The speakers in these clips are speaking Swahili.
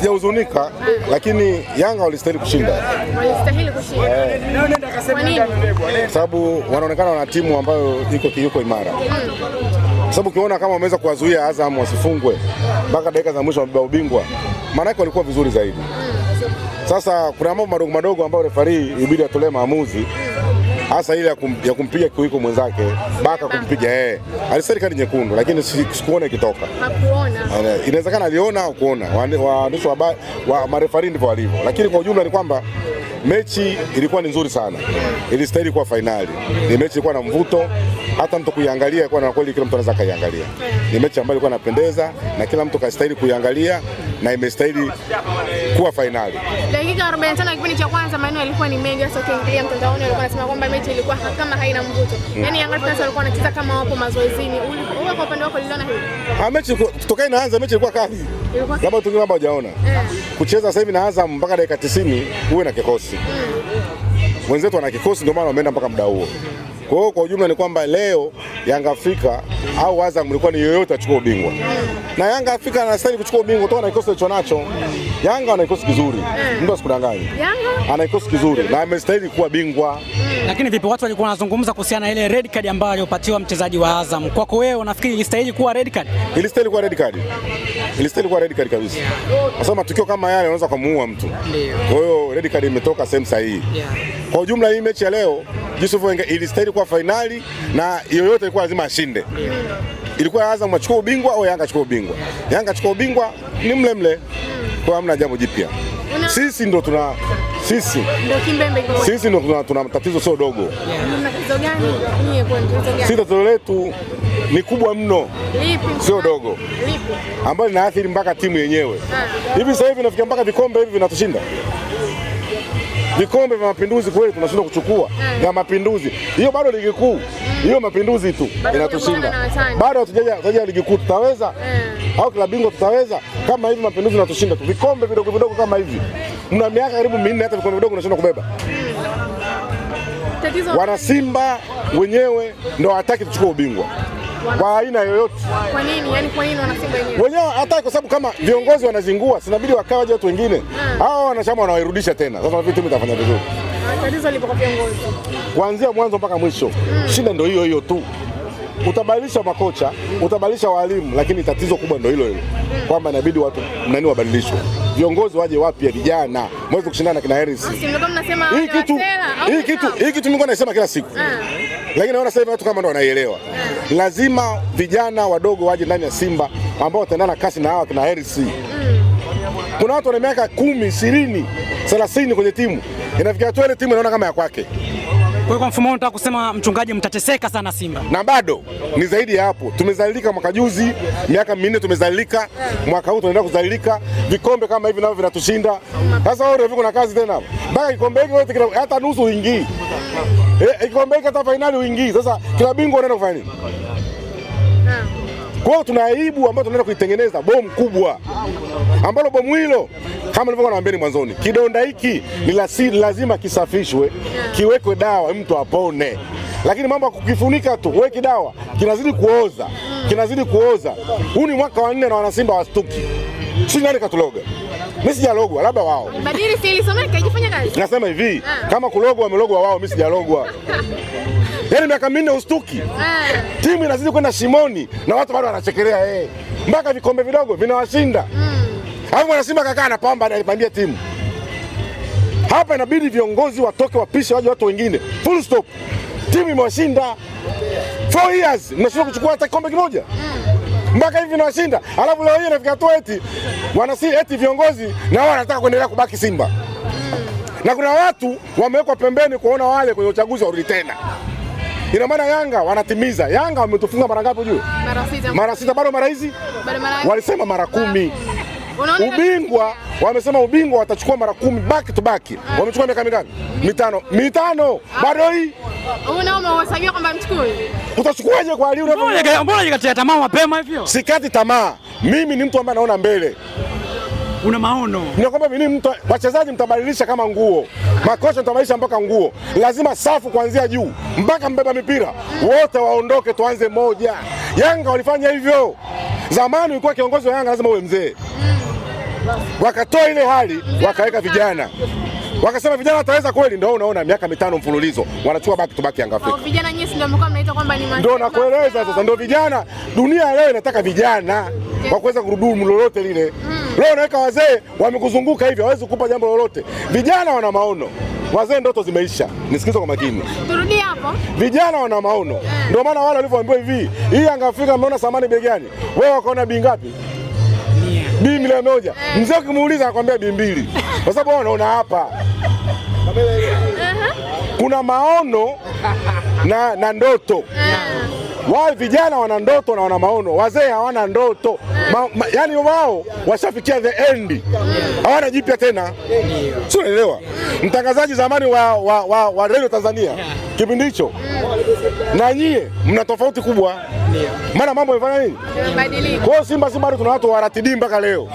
sijahuzunika, lakini Yanga walistahili kushinda, walistahili kushinda eh, kwa sababu wanaonekana wana timu ambayo iko kiuko imara kwa sababu ukiona kama wameweza kuwazuia Azam wasifungwe mpaka dakika za mwisho wabeba ubingwa, maana yake walikuwa vizuri zaidi. Sasa kuna mambo madogo madogo ambayo refari ibidi atolee maamuzi hasa ile ya, kumpiga kuiko mwenzake baka kumpiga yeye, eh. alisema kadi nyekundu, lakini sikuona ikitoka. Hakuona, eh, eh, inawezekana aliona au kuona. Waandishi wa habari wa marefari ndivyo walivyo, lakini kwa ujumla ni kwamba mechi ilikuwa ni nzuri sana, ilistahili kuwa fainali. Ni mechi ilikuwa na mvuto hata mtu kuiangalia kwa na kweli, kila mtu anaweza kaiangalia. Ni mechi ambayo ilikuwa inapendeza na kila mtu kastahili kuiangalia na imestahili kuwa fainali. Dakika 45 kipindi cha kwanza, maneno yalikuwa ni mengi, hasa ukiangalia mtandaoni walikuwa wanasema kwamba mechi ilikuwa kama haina mvuto. Mm. Yaani Yanga sasa walikuwa wanacheza kama wapo mazoezini. Wewe kwa upande wako uliona hili? Ah, mechi kutoka inaanza mechi ilikuwa kali. Labda tu kama hujaona. Eh. Kucheza sasa hivi na Azam mpaka dakika 90 uwe na kikosi. Mm. Wenzetu wana kikosi ndio maana wameenda mpaka muda huo. Kwa hiyo kwa ujumla ni kwamba leo Yanga Afrika au Azam ilikuwa ni yoyote achukua ubingwa, na Yanga Afrika anastahili kuchukua ubingwa toka na kikosi alicho nacho. Yanga ana kikosi kizuri, mtu asikudanganye, ana kikosi kizuri na amestahili kuwa bingwa. Lakini vipi, watu walikuwa wanazungumza kuhusiana na ile red card ambayo alipatiwa mchezaji wa Azam, kwako wewe unafikiri ilistahili kuwa red card? Ilistahili kuwa red card ilistahili kuwa red card kabisa, kwa sababu matukio kama yale unaweza kumuua mtu. Kwa hiyo red card imetoka sehemu sahihi. Kwa ujumla, hii mechi ya leo Yusuf Wenger ilistahili kuwa fainali na yoyote ilikuwa lazima ashinde. Ilikuwa Azam achukua ubingwa au Yanga achukue ubingwa. Yanga achukue ubingwa ni mle mle, hmm. kwa hamna jambo jipya. Sisi ndo tuna sisi kwa sisi ndo tuna tatizo, sio dogo. Sisi tatizo letu ni kubwa mno, sio dogo, ambayo linaathiri mpaka timu yenyewe. Eh. Hivi sasa hivi nafikia mpaka vikombe hivi vinatushinda vikombe vya mapinduzi kweli tunashindwa kuchukua eh. vya hmm. mapinduzi hiyo bado ligi kuu mm. hiyo hmm. mapinduzi tu inatushinda bado, hatujaja ligi kuu tutaweza hmm. au klabu bingwa tutaweza kama hivi mapinduzi natushinda tu vikombe vidogo vidogo kama hivi, mna miaka karibu minne, hata vikombe vidogo tunashindwa kubeba hmm. Wana Simba wenyewe ndio hawataki tuchukue ubingwa kwa aina yoyote. Kwa nini? Yani kwa nini wanasimba wenyewe? Wenyewe hata kwa sababu kama viongozi wanazingua, sinabidi wakae waje watu wengine. Hmm. Hao wanachama wanawairudisha tena. Sasa vitu vitafanya vizuri. Ah, tatizo lipo kwa viongozi. Kuanzia mwanzo mpaka mwisho. Hmm. Shida ndio hiyo hiyo tu utabadilisha makocha, utabadilisha walimu, lakini tatizo kubwa ndio hilo hilo kwamba inabidi watu nani wabadilishwe, viongozi waje wapya, vijana mweze kushindana na kina Harris. Hii kitu hii kitu hii kitu nilikuwa nasema kila siku ah. lakini naona sasa hivi watu kama ndo wanaielewa. Ah. Lazima vijana wadogo waje ndani ya Simba ambao wataendana kasi na hawa kina Harris. Mm. Kuna watu wana miaka kumi, ishirini, thelathini kwenye timu, inafikia tu ile timu inaona kama ya kwake hiyo kwa mfumo nataka kusema mchungaji, mtateseka sana Simba na bado ni zaidi ya hapo. Tumezalilika mwaka juzi, miaka minne tumezalilika, mwaka huu tunaenda kuzalilika. Vikombe kama hivi navyo vinatushinda. Sasa viko na kazi tena mpaka kikombe hiki hata nusu uingii, eh, eh, kikombe hiki hata fainali uingii. Sasa kila bingwa unaenda kufanya nini? Kwa hiyo tuna aibu ambayo tunaenda kuitengeneza bomu kubwa, ambalo bomu hilo kama nilivyokuwa nawaambieni mwanzoni, kidonda hiki ni lazima kisafishwe, kiwekwe dawa, mtu apone. Lakini mambo ya kukifunika tu, weki dawa, kinazidi kuoza, kinazidi kuoza. Huu ni mwaka wa nne na wanasimba wastuki, si nani katuloga? mimi sijalogwa, labda wao. Badili siri soma kajifanya kazi. Nasema hivi eh. kama kulogwa wamelogwa wao, mimi sijalogwa. Yaani miaka minne ustuki, eh. timu inazidi kwenda shimoni na watu bado wanachekelea eh, mpaka vikombe vidogo vinawashinda. Mm. Alafu mwana Simba kakaa anapamba, anaipandia timu hapa inabidi viongozi watoke wapishe waje watu wengine. Full stop. Timu imewashinda 4 years, mnashindwa kuchukua hata kikombe kimoja. Mm mpaka hivi nawashinda, alafu leo hii nafika tu eti wana si eti viongozi na wao wanataka kuendelea kubaki Simba, mm. na kuna watu wamewekwa pembeni kuona wale kwenye uchaguzi warudi tena. Ina maana Yanga wanatimiza. Yanga wametufunga mara ngapi? Juu mara sita, bado mara hizi walisema mara kumi. Mm ubingwa wamesema ubingwa watachukua mara kumi back to back. Ah. Wamechukua miaka mingapi? Mitano, mitano ah. bado hii. Utachukuaje kwa hali Mbona unakatia tamaa mapema hivyo? Sikati tamaa, mimi ni mtu ambaye naona mbele una maono. Ninakwambia mimi mtu wachezaji mtabadilisha kama nguo. Makocha mtabadilisha mpaka nguo. Lazima safu kuanzia juu mpaka mbeba mipira wote waondoke tuanze moja. Yanga walifanya hivyo. Zamani ulikuwa kiongozi wa Yanga lazima uwe mzee, wakatoa ile hali wakaweka vijana wakasema vijana wataweza kweli. Ndio unaona miaka mitano mfululizo wanachukua back to back Yanga Afrika. Oh, vijana nyinyi ndio mko mnaita kwamba ni ndio, nakueleza sasa, ndio vijana. Dunia leo inataka vijana kwa kuweza kurudumu lolote lile. Mm. Leo unaweka wazee wamekuzunguka hivi, hawezi kukupa jambo lolote. Vijana wana maono. Wazee ndoto zimeisha, nisikilize kwa makini, turudi hapo. Vijana wana maono yeah. Ndio maana wale walivyoambiwa hivi, hii Yanga Afrika mmeona samani bei gani? Wewe wakaona bei ngapi? yeah. Bei milioni moja yeah. Mzee ukimuuliza akwambia bii mbili, kwa sababu wao wanaona hapa uh-huh. kuna maono na, na ndoto yeah. Wao vijana wana ndoto na wana maono, wazee hawana ndoto eh. ma, ma, yani wao washafikia the end, hawana jipya tena, sio unaelewa? mtangazaji zamani wa, wa, wa, wa redio Tanzania kipindi hicho, na nyie mna tofauti kubwa maana mambo yamefanya nini? Yamebadilika. Kwa hiyo Simba Simba bado tuna watu wa RTD mpaka leo.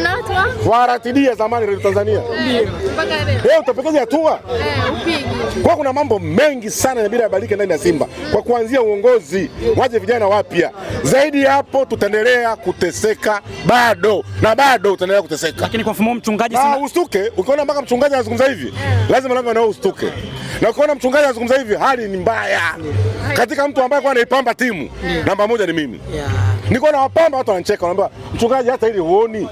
Mna um, watu wa? Wa RTD ya zamani Radio Tanzania. Ndio. Eh, mpaka leo. Leo eh, utapigaje hatua? Eh, upige. Kwa kuna mambo mengi sana yanabidi yabadilike ndani ya Simba. Mm. Kwa kuanzia uongozi, waje vijana wapya. Zaidi ya hapo tutaendelea kuteseka bado na bado tutaendelea kuteseka. Lakini kwa mfumo mchungaji ah, Simba. Ah, ustuke. Ukiona mpaka mchungaji anazungumza hivi, eh. lazima lazima nao ustuke. Na ukiona mchungaji anazungumza hivi, hali ni mbaya. Katika mtu ambaye kwa anaipamba timu Namba moja ni mimi yeah. Niko na wapamba, watu wanacheka, wanaambia mchungaji, hata ili huoni,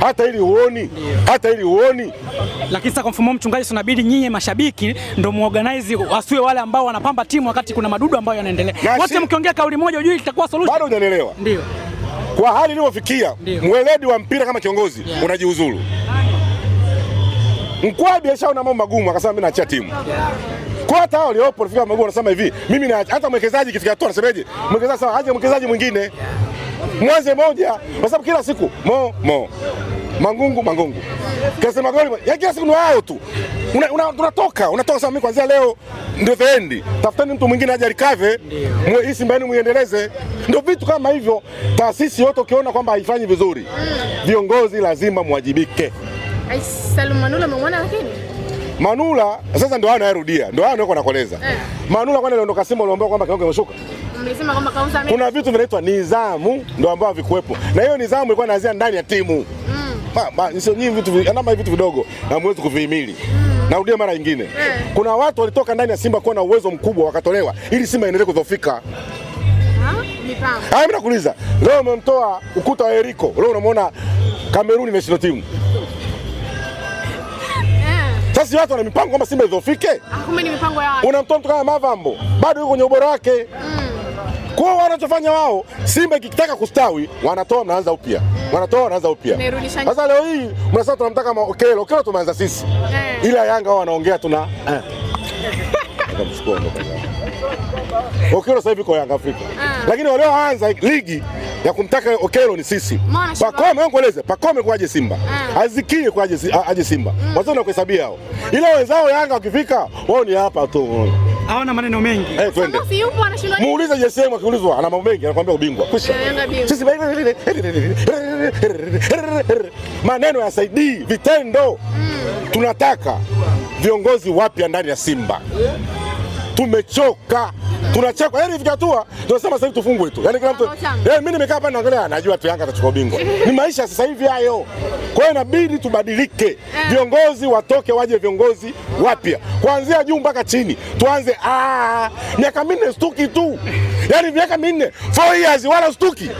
hata ili huoni yeah. Hata ili huoni. Lakini sasa kwa mfumo mchungaji, inabidi nyinyi mashabiki ndio muorganize, wasiwe wale ambao wanapamba timu wakati kuna madudu ambayo yanaendelea. Wote mkiongea kauli moja, ujui itakuwa solution. Bado hujanielewa? Ndio. Kwa hali ilivyofikia, mweledi wa mpira kama kiongozi yeah. Unajiuzuru. Mkwabi una mambo magumu, akasema mimi naachia timu yeah. Kwa hata hao waliopo walifika Magu wanasema hivi, mimi na hata mwekezaji kifika tu anasemaje? Mwekezaji sawa, aje mwekezaji mwingine. Mwanze moja kwa sababu kila siku mo mo Mangungu Mangungu. Kasi magoli ya kila siku ni wao tu. una, una unatoka sasa mimi kuanzia leo ndio the end. Tafuteni mtu mwingine aje alikave. Mwe Simba yenu muiendeleze. Ndio vitu kama hivyo taasisi yote ukiona kwamba haifanyi vizuri. Mm. Viongozi lazima mwajibike. Salum Manula amemwona lakini Manula sasa ndo hana yarudia. Ndo hana yuko anakoleza. Eh. Manula kwani aliondoka Simba aliomba kwamba kiwango kimeshuka. Mlisema kwamba kauza mimi. Kuna vitu vinaitwa nizamu ndo ambao havikuwepo. Na hiyo nizamu ilikuwa inaanzia ndani ya timu. Mm. Ba, ba, nyinyi vitu anama vitu vidogo na hamwezi kuvihimili. Mm. Narudia mara nyingine. Eh. Kuna watu walitoka ndani ya Simba kuwa na uwezo mkubwa wakatolewa ili Simba iendelee kudhoofika. Ah, mimi nakuuliza. Leo umemtoa ukuta wa Eriko. Leo unamwona Kameruni national timu si watu wana mipango kama Simba idhofike? Ah, kumbe ni mipango yao. Unamtoa mtu kama Mavambo bado yuko kwenye ubora wake mm. Kwa wanachofanya wao, Simba ikitaka kustawi wanatoa wanaanza upya mm. wanatoa wanaanza upya. Sasa leo hii mnasema tunamtaka Okelo, Okelo tumeanza sisi mm. ila Yanga wao wanaongea tuna eh. eh. Okelo sasa hivi kwa Yanga Afrika mm. lakini walioanza ligi ya kumtaka Okelo ni sisi. Pakome ngoeleze Pakome kwaje Simba ah. kwa kwaje aje Simba eh. mm. Wazo na kuhesabia hao, ila wenzao Yanga wakifika wao ni hapa tu, hawana maneno mengi eh, twende. Muulize JSM akiulizwa, ana mambo mengi anakuambia ubingwa eh, kwisha. Sisi maneno yasaidii, vitendo mm. Tunataka viongozi wapya ndani ya Simba, tumechoka tunachekwa. Yaani ifika tu tunasema sasa hivi tufungwe tu. Yaani kila mtu eh, mimi nimekaa hapa naangalia najua tu Yanga atachukua ubingwa. Ni maisha sasa hivi hayo. Kwa hiyo inabidi tubadilike. Eh. Viongozi watoke waje viongozi wapya. Kuanzia juu mpaka chini. Tuanze ah, miaka minne stuki tu. Yaani miaka minne, 4 years wala stuki.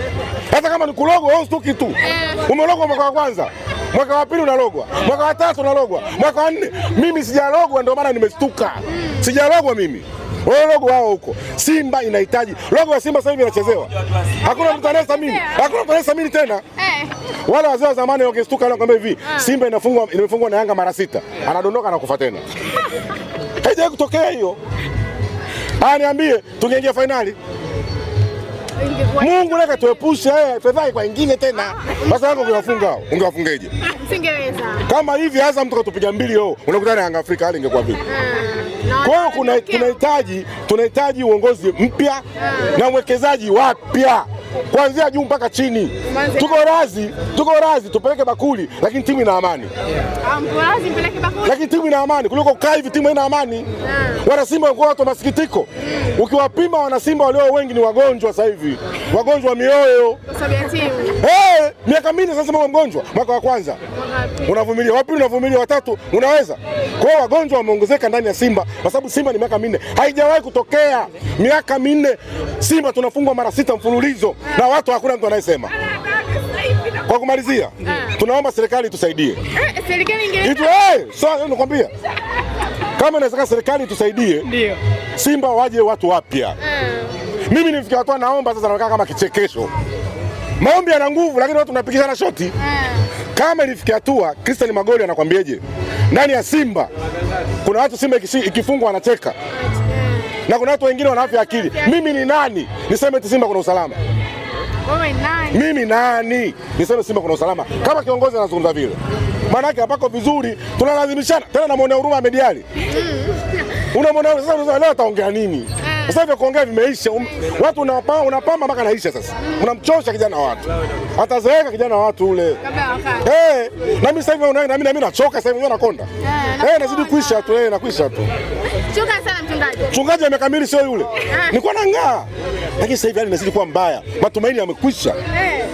Hata kama ni kulogo au stuki tu. Eh. Umelogwa mwaka wa kwanza. Mwaka wa pili unalogwa, mwaka wa tatu unalogwa, mwaka wa nne. Mimi sijalogwa, ndio maana nimestuka. Hmm. Sijalogwa mimi. Wewe logo wao huko. Simba inahitaji logo ya Simba sasa hivi inachezewa. Hakuna mtu anayesamini. Hakuna mtu anayesamini tena. Eh. Wale wazee wa zamani wakistuka kwambia hivi, ah. Simba inafungwa imefungwa na Yanga mara sita. Anadondoka na kufa tena. Haijawahi kutokea hiyo. Ah, niambie tungeingia finali. Mungu leka tuepushe fedhai kwa wengine tena. Sasa Yanga ungewafunga hao, ungewafungeje? Singeweza. Kama hivi Azam tukatupiga mbili yo, oh, unakutana na Yanga Afrika hali ingekuwa vipi? Ah. Kwa hiyo kuna tunahitaji tunahitaji uongozi mpya na mwekezaji wapya kuanzia juu mpaka chini. Tuko razi, tuko razi tupeleke bakuli, lakini timu ina amani ah, lakini timu ina amani kuliko kaa hivi timu ina amani Wana Wanasimba wako watu wa masikitiko mm. Ukiwapima Ukiwapima wanasimba walio wengi ni wagonjwa sasa hivi, wagonjwa wa mioyo hey! miaka minne sasa, mama mgonjwa, mwaka wa kwanza unavumilia, wapi? unavumilia, watatu unaweza. Kwa wagonjwa wameongezeka ndani ya Simba kwa sababu Simba ni miaka minne, haijawahi kutokea miaka minne Simba tunafungwa mara sita mfululizo na watu, hakuna mtu anayesema. Kwa kumalizia, ah. tunaomba serikali itusaidie, eh, nakwambia eh, kama inawezekana serikali tusaidie Simba waje watu wapya. Ah. Mimi nifikia watu naomba sasa, nakaa kama kichekesho. Maombi yana nguvu, lakini watu mnapigishana shoti mm. Kama ilifikia hatua Christian Magoli anakwambieje ndani ya Simba? Kuna watu Simba ikifungwa wanacheka na kuna watu wengine wana afya akili. Mimi ni nani niseme eti Simba kuna usalama? Mimi nani niseme Simba kuna usalama? Kama kiongozi anazungumza vile, maana yake hapako vizuri, tunalazimishana tena. Namwonea huruma Ahmed Ally, mm. unamwonea sasa, leo ataongea nini? Sasa hivyo kuongea vimeisha, um, watu unapamba unapamba mpaka naisha. Sasa unamchosha kijana wa watu, atazeeka kijana wa watu ule. Eh, na mimi sasa hivi na mimi nachoka sasa hivi nakonda eh, eh nazidi kuisha tu eh, nakuisha tu. Chunga sana mchungaji, mchungaji amekamili, sio yule eh. nilikuwa nang'aa, lakini sasa hivi hali inazidi kuwa mbaya, matumaini yamekwisha. Eh.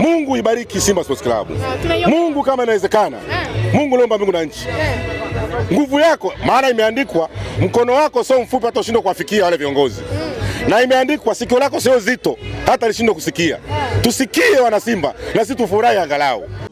Mungu ibariki Simba Sports Club. Oh, Mungu kama inawezekana, Mungu leo mbingu na nchi, nguvu yako, maana imeandikwa mkono wako sio mfupi hata ushindwe kuwafikia wale viongozi mm. na imeandikwa sikio lako sio zito hata lishindwe kusikia. Mm. Tusikie wana Simba na sisi tufurahi angalau.